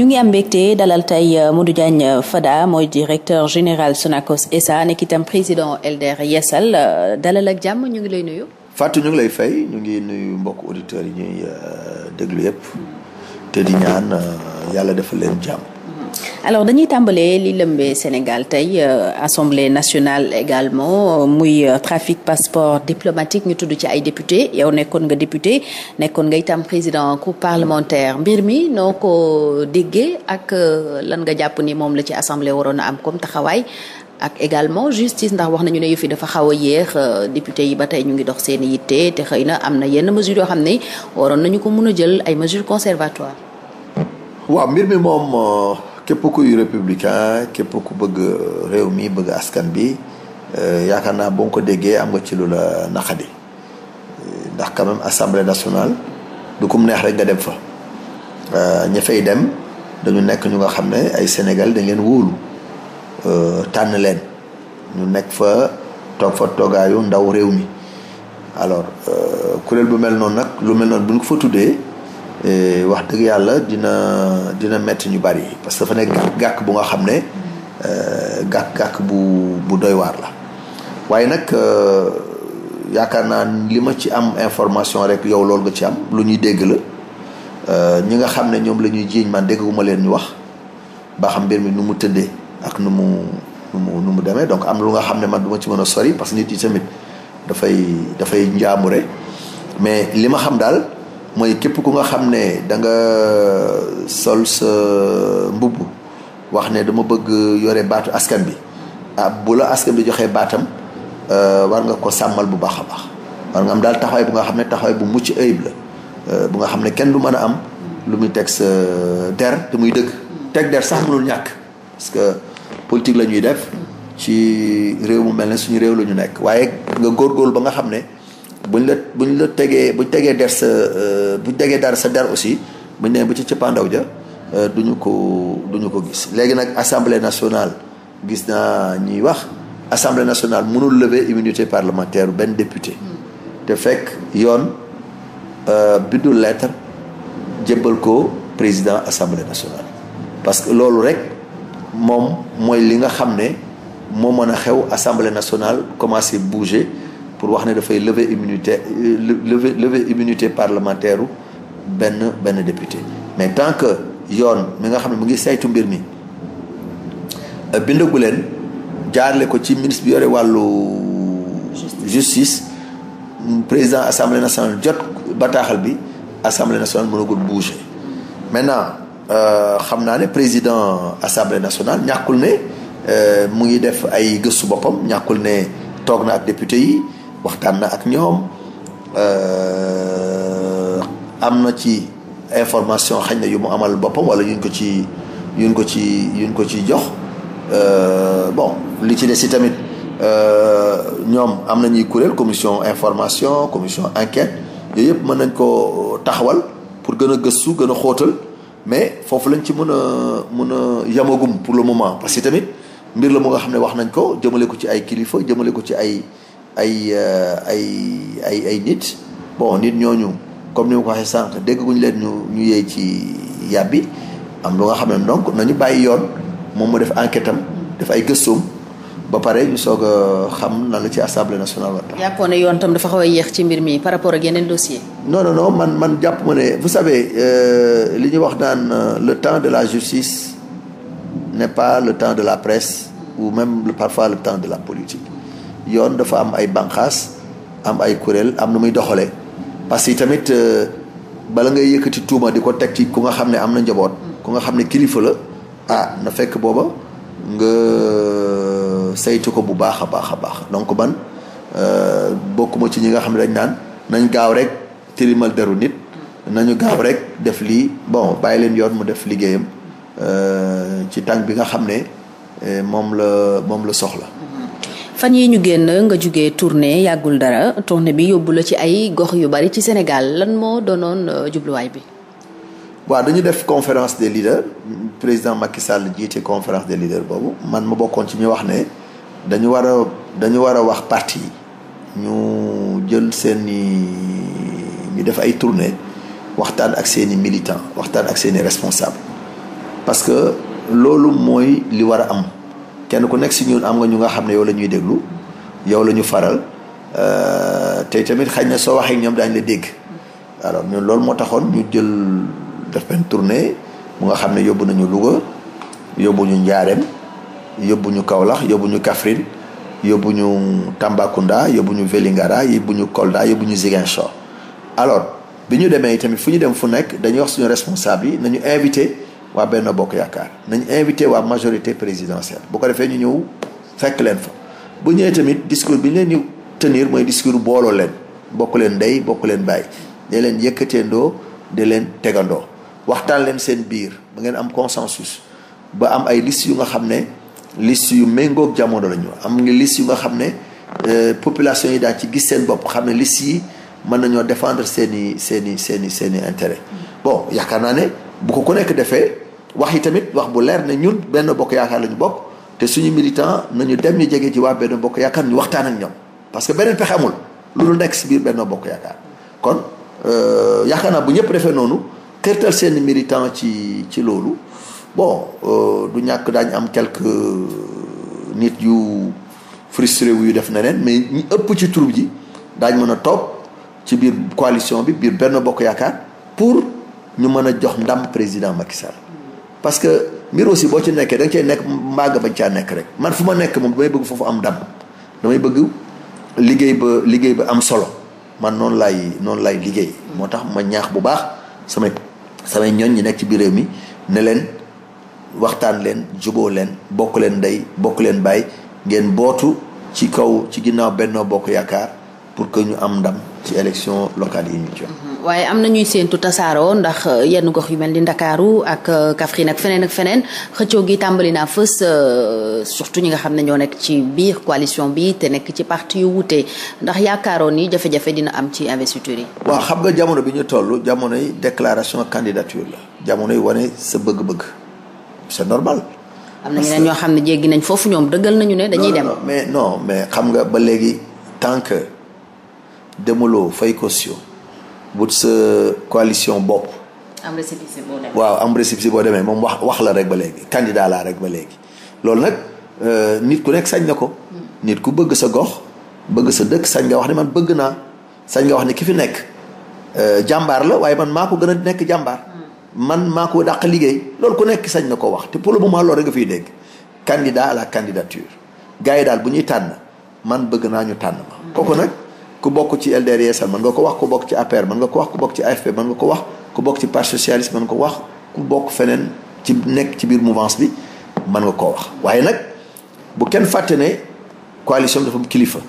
ñu ngi am mbégte dalal tey euh, Modou euh, Fada mooy directeur général Sonacos SA nekk itam président LDR Yessal euh, dalal ak jàmm ñu ngi lay nuyu. Fatou ñu ngi lay fay ñu ngi nuyu mbokk auditeurs yi ñuy déglu yëpp te ñaan yàlla defal leen jàmm. alors dañuy tàmbalee li lëmbee Sénégal tey euh, assemblée nationale également muy euh, trafic passeport diplomatique ñu tudd ci ay député yow nekkoon nga député nekkoon nga itam président groupe parlementaire mbir mi noo ko déggee ak euh, lan nga jàpp ni moom la ci assemblée waroon a am comme taxawaay ak également justice ndax wax nañu ne yëf yi dafa xaw a yéex député yi ba tey ñu ngi dox seen yitte te xëy na am na yenn mesures yoo xam ne waroon nañu ko mun a jël ay mesures conservatoires. képp kuy républicain képp ku bëgg réew mi bëgg askan bi euh, yaakaar naa boo ko déggee am nga ci lu la naqadi ndax quand même assemblée nationale du kum neex rek nga dem fa. Euh, ña fay dem dañu nekk ñu nga xam ne ay Sénégal dañ leen wóolu euh, tànn leen ñu nekk fa toog fa toogaayu ndaw réew mi alors kuréel bu mel noonu nag lu mel noonu bu ñu ko fa tuddee. Eh, wax dëgg yàlla dina dina metti ñu bari parce que dafa nekk gàkk bu nga xam ne gàkk-gàkk eh, bu bu doy waar la waaye nag eh, yaakaar naa li ma ci am information rek yow loolu nga ci am lu ñuy dégg la ñi nga xam ne ñoom la ñuy jiiñ man dégguma leen ñu wax ba xam mbir mi nu mu tëddee ak nu mu nu mu nu mu demee donc am lu nga xam ne man duma ci mën a sori parce que nit yi tamit dafay dafay njaamure mais li ma xam daal mooy képp ku nga xam ne da nga euh, sol sa mbubb wax ne dama bëgg yore baatu askan bi ah bu la askan bi joxee baatam euh, war nga ko sàmmal bu baax a baax war nga am daal taxawaay bu nga xam ne taxawaay bu mucc ayib la euh, bu nga xam ne kenn du mën a am lu muy teg sa der te muy dëkk teg der sax mënul ñàkk parce que politique la ñuy def ci réew mu mel ne suñu réew la ñu nekk waaye nga góor góorgóorlu ba nga xam ne buñ la buñ la tegee bu tegee der sa euh, buñ tegee dara sa der aussi buñ nee bu ci cëppaandaw ja euh, duñu ko duñu ko gis léegi nag assemblée nationale gis naa ñuy wax assemblée nationale mënul lever immunité parlementaire benn député te fekk yoon euh, bindul lettre jébbal ko président assemblée nationale parce que loolu rek moom mooy li nga xam ne moo mën a xew assemblée nationale commencé bouger pour wax ne dafay lever immunité lever lever immunité parlementaire benn benn député mais tant que yoon mi nga xam ne mu ngi saytu mbir mi euh, bindagu leen jaarle ko ci ministre bi yore wàllu justice président assemblée nationale jot bataaxal bi assemblée nationale mënagul bouger maintenant euh, xam naa ne président assemblée nationale ñàkkul ne euh, mu ngi def ay gëstu boppam ñàkkul ne toog na ak député yi waxtaan na ak ñoom euh, am na ci information xañ na yu mu amal boppam wala yuñ ko ci yuñ ko ci yuñ ko ci jox euh, bon li ci des si tamit euh, ñoom am nañuy kuréel commission information commission enquête yooyu yëpp mën nañ ko taxawal pour gën a gëstu gën a xootal mais foofu lañ ci mën a mun a yamagum pour le moment parce que tamit mbir la mu nga xam ne wax nañ ko jëmale ko ci ay kilifa jëmale ko ci ay ay euh, ay ay ay nit bon nit ñooñu comme ni ma ko waxee sànq dégguñu leen ñu ñu yee ci yàbbi am lu nga xam ne donc nañu bàyyi yoon moom mu def enquête am def ay gëstoom ba pare ñu soog a xam na la ci assemblée nationale war tax. jàppoon ne yoon tam dafa xaw a yéex ci mbir mi par rapport ak yeneen dossier non non man man jàpp ma ne vous savez euh, li ñu wax naan euh, le temps de la justice ne pas le temps de la presse ou même parfois le temps de la politique. yoon dafa am ay banqaas am ay kuréel am nu muy doxale parce que tamit euh, bala ngay yëkkati tuuma di ko teg ci ku nga xam ne am na njaboot ku nga xam ne kilifa la ah na fekk booba nga euh, saytu ko bu baax a baax a baax donc man euh, bokkuma ci ñi nga xam ne dañ naan nañ gaaw rek tilimal deru nit nañu gaaw rek def lii bon bàyyi leen yoon mu def liggéeyam ci tànk bi nga xam ne moom la moom la soxla fan yi ñu génn nga jugee tournée yàggul dara tournée bi yóbbu la ci ay gox yu bari ci Sénégal lan moo doonoon euh, jubluwaay bi. waa dañu def conférence des leaders président Macky Sall jiite conférence des leaders boobu man ma bokkoon ci ñu wax ne dañu war a dañu war a wax parti ñu jël seeni ñu def ay tournée waxtaan ak seeni militants waxtaan ak seeni responsable parce que loolu mooy li war a am. kenn ku nekk si ñun am nga ñu nga xam ne yow lañuy déglu yow lañu ñu faral euh, te tamit xëy na soo waxee ñoom daañu la dégg alors ñun loolu moo taxoon ñu jël def benn tournée mu nga xam ne yóbbu nañu Louga yóbbu ñu Njaareem yóbbu ñu Kaolack yóbbu ñu Kaffrine yóbbu ñu Tambacounda yóbbu ñu Vélingara yóbbu ñu Kolda yóbbu ñu Ziguinchor alors bi ñu demee tamit fu ñu dem fu nekk dañuy wax suñu responsable yi ñu invité. waa Benno Bokk Yaakaar nañ invité waa majorité présidentielle bu ko defee ñu ñëw fekk leen fa bu ñëwee tamit discours bi ñu leen di tenir mooy discours booloo leen bokk leen ndey bokk leen bàyyi de leen yëkkateendoo de leen tegandoo waxtaan leen seen biir ba ngeen am consensus ba am ay liste yu nga xam ne liste yu méngoog jamono la am ngi liste yu nga xam ne euh, population yi daal ci gis seen bopp xam ne liste yi mën nañoo défendre seen i seen i seen i seen i yaakaar naa ne bu ko ku nekk defee wax yi tamit wax bu leer ne ñun benn bokk yaakaar la bokk te suñu militant nañu dem ñu jege ci waa benn bokk yaakaar ñu waxtaan ak ñoom parce que beneen pexe amul lu dul nekk si biir benn bokk yaakaar kon euh, yaakaar naa bu ñëpp defee noonu xërtal seen militant ci ci loolu bon euh, du ñàkk daañu am quelques euh, nit yu frustré wu yu def neneen mais ñi ëpp ci troupe ji daañ mën a toog ci biir coalition bi biir benn bokk yaakaar pour ñu mën a jox ndam président Macky parce que mbir aussi boo ci nekkee da nga nekk mbaa bañ caa nekk rek man fu ma nekk moom damay bëgg foofu am ndam damay bëgg liggéey ba liggéey ba am solo man noonu laay noonu laay liggéey moo tax ma ñaax bu baax samay samay ñoñ ñi nekk ci biir mi ne leen waxtaan leen jubo leen bokk leen ndey bokk leen bàyyi ngeen bootu ci kaw ci ginnaaw Benno Bokk Yaakaar pour que ñu am ndam ci élection locale yi ñu jox waaye am na ñuy séentu tasaaroo ndax euh, yenn gox yu mel ni Ndakaaru ak euh, Kaffrine ak feneen ak feneen xëccoo gi tàmbali naa fës euh, surtout ñi nga xam ne ñoo nekk ci biir coalition bi te nekk ci parti yu wuute ndax yaakaaroon ni jafe-jafe dina am ci investiture yi. waaw xam nga jamono bi ñu tollu jamonoy déclaration candidature la jamonoy wane sa bëgg-bëgg c'est normal. am na ñeneen ñoo xam ne jéggi nañ foofu ñoom dëggal nañu ne dañuy dem. mais non mais xam nga ba léegi tant que demuloo fay caution bu sa coalition bopp. am récépissé boo waaw am récépissé boo demee moom wax wax la rek ba léegi candidat laa rek ba léegi loolu nag euh, nit ku nekk sañ na ko. Hmm. nit ku bëgg sa gox bëgg sa dëkk sañ nga wax ne man bëgg naa sañ nga wax ne ki fi nekk euh, jàmbaar la man maa ko gën a nekk jàmbaar. Hmm. man maa ko dàq liggéey loolu ku nekk sañ na ko wax te pour le moment loolu rek fiy dégg. candidat à la candidature gars yi daal bu ñuy tànn man bëgg naa ñu tànn ma hmm. kooku nag. ku bokk ci LDR Yeesal mën nga ko wax ku bokk ci APR mën nga ko wax ku bokk ci AFP mën nga ko wax ku bokk ci parti socialiste mën nga ko wax ku bokk feneen ci nekk ci biir mouvance bi mën nga koo wax waaye nag bu kenn fàtte ne coalition dafa am kilifa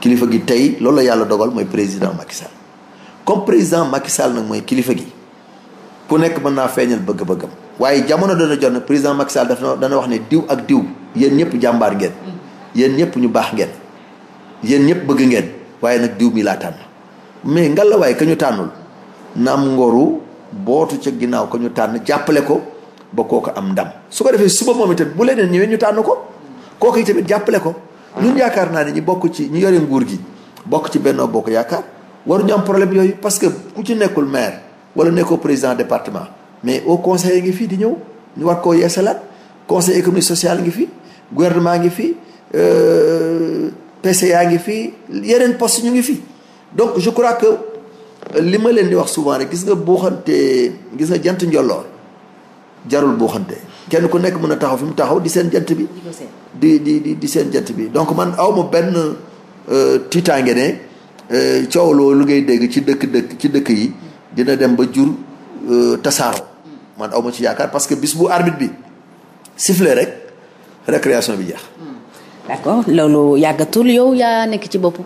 kilifa gi tey loolu la yàlla dogal mooy président Macky Sall comme président Macky Sall nag mooy kilifa gi ku nekk mën naa feeñal bëgg-bëggam waaye jamono dana jot na président Macky Sall dafa dana wax ne diw ak diw yéen ñëpp jàmbaar ngeen yéen ñëpp ñu baax ngeen yéen ñëpp bëgg ngeen waaye nag diw mi laa tànn mais ngallawaay ka ñu tànnul na am ngoru bootu ca ginnaaw ka ñu tànn jàppale ko ba kooku am ndam su ko defee suba moom itamit bu leneen ñëwee ñu tànn ko kooku itamit jàppale ko. ñun yaakaar naa ne ñi bokk ci ñi yore nguur gi bokk ci Benno Bokk Yaakaar war ñu am yooyu parce que ku ci nekkul maire wala nekkoo président département mais au conseil ngi fii di ñëw ñu war koo yeesalaat conseil économique social ngi fi gouvernement ngi fi euh, yaa ngi fi yeneen poste ñu ngi fi donc je crois que euh, li ma leen di wax souvent rek gis nga buuxante gis nga jant njolloor jarul buuxante kenn ku nekk mën a taxaw fi mu taxaw di seen jant bi di di di di seen jant bi donc man aw ma benn euh, tiitaange ne euh, coow loolu ngay dégg ci dëkk dëkk ci dëkk yi dina dem ba jur tasaaro man aw ma ci yaakaar parce que bis bu arbitre bi sifflé rek récréation bi jeex mm. d'accord loolu yàggatul yow yaa nekk ci bopp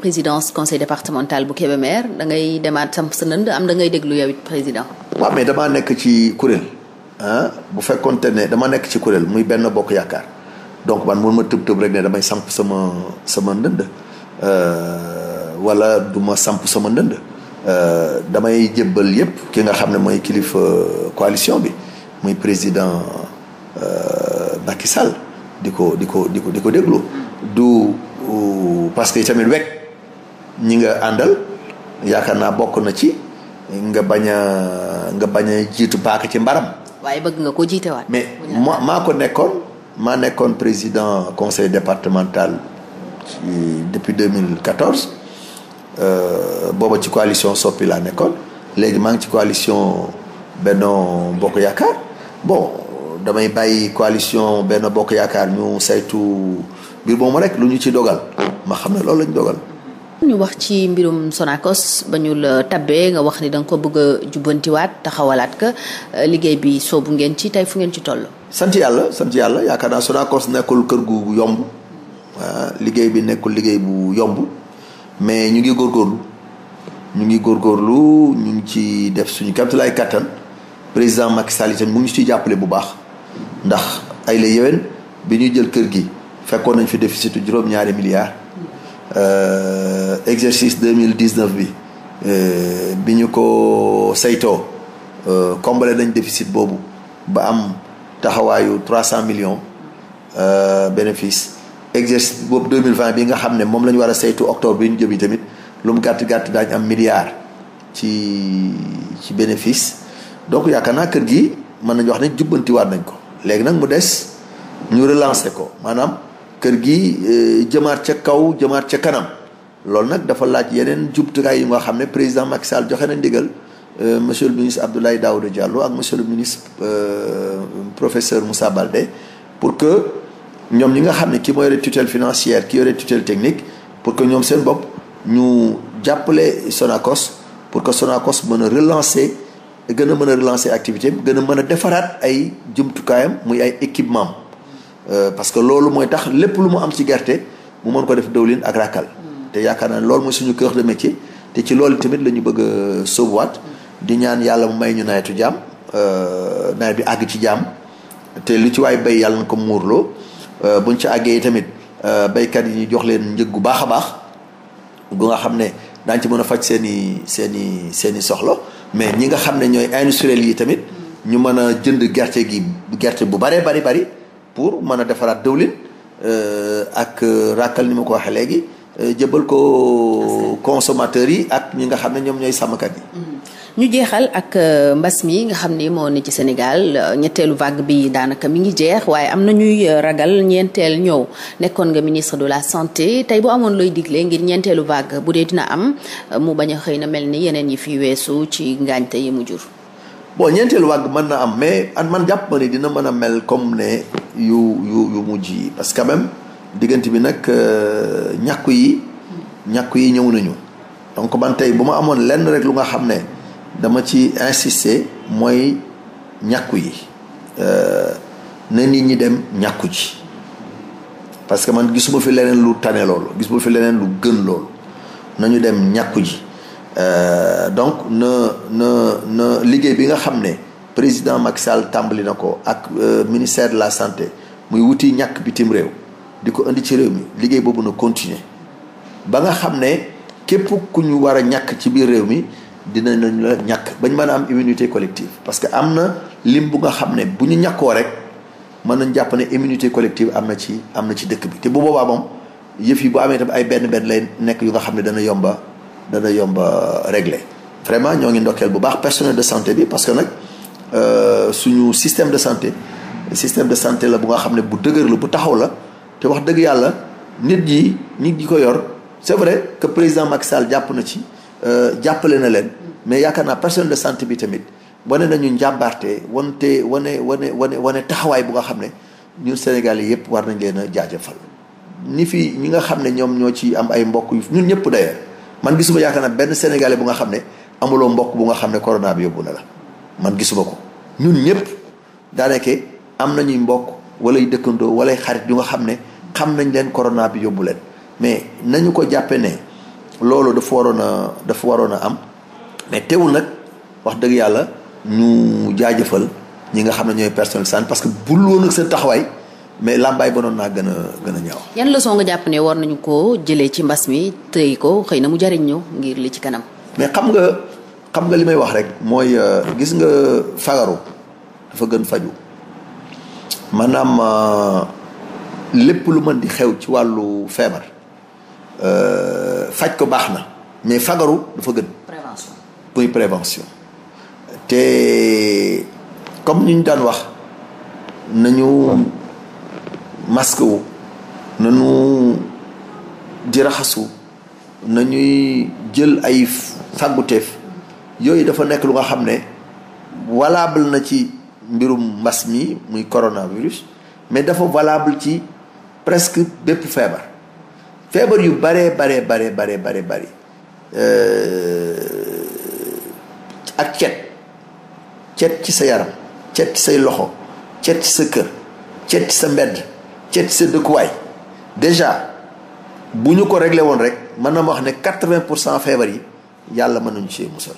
présidence conseil départemental bu Kébémer da ngay demaat samp sa nënd am da ngay déglu yow it président. damaa nekk ci kuréel ah bu fekkoonte ne dama nekk ci kuréel muy benn bokk yaakaar donc man mun ma tëb tëb rek ne damay samp sama sama ndënd euh, wala du ma samp sama ndënd euh, damay jébbal yépp ki nga xam ne mooy kilifa euh, coalition bi muy président Macky Sall. di ko di ko di ko di ko déglu. du parce que tamit wekk ñi nga àndal yaakaar naa bokk na ci nga bañ a nga bañ a jiitu paaka ci mbaram. waaye bëgg nga ko jiitewaat. mais ma maa ko nekkoon maa nekkoon président conseil départemental depuis deux 2014 euh, booba ci coalition Soppi laa nekkoon léegi maa ngi ci coalition Benno Bokk Yaakaar bon. damay bàyyi coalition benn bokk yaakaar ñu saytu mbir moomu rek lu ñu ci dogal ma xam ne loolu lañ dogal. ñu wax ci mbirum Sonacos ba ñu la tabbee nga wax ni da nga ko bëgg a jubbantiwaat taxawalaat ka liggéey bi soobu ngeen ci tey fu ngeen ci toll. sant yàlla sant yàlla yaakaar naa Sonacos nekkul kër gu yomb ah, liggéey bi nekkul liggéey bu yomb mais ñu ngi góorgóorlu ñu ngi góorgóorlu ñu ngi ci def suñu kéemtalaay kattan président Macky Sall itam mu ngi ciy jàppale bu baax. ndax ay la yéwén bi ñuy jël kër gi fekkoon nañ fi déficitu juróom-ñaari milliards euh, exercice deux mille dix neuf bi euh, bi ñu ko saytoo euh, combler nañ déficit boobu ba am taxawaayu trois cent millions bénéfice exercice boobu deux mille vingt bi nga xam ne moom la war a saytu octobre bi ñu jëm yi tamit lu mu gàtt gàtt daañu am milliard ci ci bénéfice donc yaakaar naa kër gi mën nañu wax ne jubbantiwaat nañ ko. léegi nag mu des ñu relancer ko maanaam kër gi euh, jëmaat ca kaw jëmaat ca kanam loolu nag dafa laaj yeneen jumtukaay yu nga xam ne président Macky Sall joxe na ndigal euh, monsieur le ministre Abdoulaye Daouda Diallo ak monsieur le ministre euh, professeur Moussa Baldé pour que ñoom ñi nga xam ne ki moo yore tutelle financière ki yore tutelle technique pour que ñoom seen bopp ñu jàppale Sonacos pour que Sonacos mën a relancer. gën a mën a relancer activité am gën a mën a defaraat ay jumtukaayam muy ay équipement am euh, parce que loolu mooy tax lépp lu mu am ci gerte mu mën ko def dëwlin ak ràkkal te yaakaar naa lool mooy suñu cœur de métier te ci loolu tamit la ñu bëgg a di ñaan yàlla mu may ñu nawetu jàmm euh, nawet bi àgg ci jàmm te lu ci waay bay yàlla na ko muurloo euh, buñ ci àggee tamit baykat yi ñu jox leen njëg gu baax a baax gu nga xam ne daañu ci mën a faj seen i seen i seen i soxla mais ñi nga xam ne ñooy industriel yi tamit ñu mën a jënd gerte gi gerte bu baree bari bari pour mën a defaraat dëwlin euh, ak euh, ràkkal ni ma ko waxee léegi euh, jëbal ko consommateurs yi ak ñi nga xam ne ñoom ñooy sàmmkat yi mm-hmm. ñu jeexal ak euh, mbas mi nga xam ni moo ne ci Sénégal euh, ñetteelu vague bi daanaka mi ngi jeex waaye am na ñuy euh, ragal ñeenteel ñëw nekkoon nga ministre de la santé tey bu amoon looy digle ngir ñeenteelu vague bu dee dina am mu bañ a xëy na mel ni yeneen yi fi weesu ci ngaañte yi mu jur. bon ñeenteelu vague mën na am mais man jàpp ma ni dina mën a mel comme ne yu yu yu mujj yi parce que quand diggante bi nag ñàkku yi ñàkku yi ñëw nañu donc man tey bu ma amoon lenn lu nga xam ne. dama ci insister mooy ñàkku yi euh, na nit ñi dem ñàkku ji parce que man gisuma fi leneen lu tane loolu gisuma fi leneen lu gën loolu nañu dem ñàkku ji euh, donc na na na liggéey bi nga xam ne président Macky Sall tàmbali na ko ak euh, ministère de la santé muy wuti ñàkk bitim réew di ko indi ci réew mi liggéey boobu na continuer ba nga xam ne képp ku ñu war a ñàkk ci biir réew mi dina nañ la ñàkk bañ mën am immunité collective parce que am na lim bu nga xam ne bu ñu ñàkkoo rek mën nañ jàpp ne immunité collective am na ci am na ci dëkk bi te bu boobaa moom yëf yi bu amee tam ay benn benn lay nekk yu nga xam ne dana yomba dana yomba régler vraiment ñoo ngi ndokkeel bu baax personnel de santé bi parce que nag euh, suñu système de santé système de santé la bu nga xam ne bu dëgër la bu taxaw la te wax dëgg yàlla nit yi nit ñi ko yor c'est vrai que président Macky Sall jàpp na ci Euh, jàppale na leen mais yaakaar naa personnel de santé bi tamit wane nañu njàmbaarte wante wane wane wane wane taxawaay bu nga xam ne ñun Sénégal yi yëpp war nañ leen a jaajëfal ni fi ñi nga xam ne ñoom ñoo ci am ay mbokk yu ñun ñëpp d'ailleurs man gisuma yaakaar naa benn Sénégalais bu nga xam ne amuloo mbokk bu nga xam ne corona bi yóbbu na la man gisuma ko ñun ñëpp daanaka am nañuy mbokk walay dëkkandoo walay xarit yu nga xam ne xam nañ leen corona bi yóbbu leen mais nañu ko jàppe ne loolu dafa waroon a dafa waroon a am mais teewul nag wax dëgg yàlla ñu jaajëfal ñi nga xam ne ñooy personnel santé parce que bu loolu nag seen taxawaay mais làmbaay ba noonu naa gën a gën a ñaaw. yan leçon nga jàpp ne war nañu koo jëlee ci mbas mi tey ko xëy na mu jariñ ñëw ngir li ci kanam. mais xam nga xam nga li may wax rek mooy euh, gis nga fagaru dafa gën faju maanaam euh, lépp lu mën di xew ci wàllu feebar. Euh, faj ko baax na mais fagaru dafa gën. prévention muy prévention. te comme ni ñu daan wax nañu masque wu nañu di raxasu nañuy jël ay fàgguteef yooyu dafa nekk lu nga xam ne valable na ci mbirum mbas mi muy coronavirus mais dafa valable ci presque bépp feebar. feebar yu baree baree bare bare bare bëri ak cet cet ci sa yaram cet ci say loxo cet ci sa kër cet ci sa mbedd cet ci sa dëkkuwaay déjà bu ñu ko réglé woon rek mën na ma wax ne quatre-vingt pour cent feebar yi yàlla mën nañu ci musal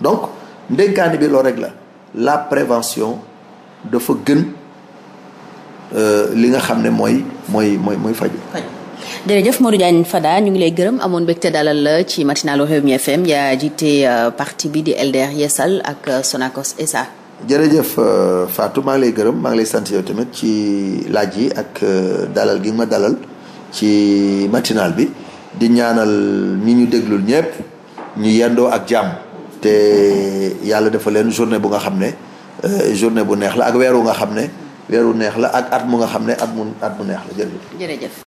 donc ndénkaani bi loolu rek la la prévention dafa gën euh, li nga xam ne mooy mooy mooy mooy faju jërëjëf Modou Diagne Fada ñu ngi lay gërëm amoon mbégte dalal la ci matinalu Rewmi FM yaa jiite euh, parti bi di LDR Yeesal ak euh, Sonacos SA. jërëjëf euh, Fatou maa lay gërëm maa ngi sant yow tamit ci laaj yi ak dalal gi ma dalal ci matinal bi di ñaanal ñi ñu déglul ñëpp ñu yendoo ak jàmm te yàlla dafa leen journée bu nga xam ne journée bu neex la ak weer wu nga xam ne weeru neex la ak at mu nga xam ne at mu mu neex la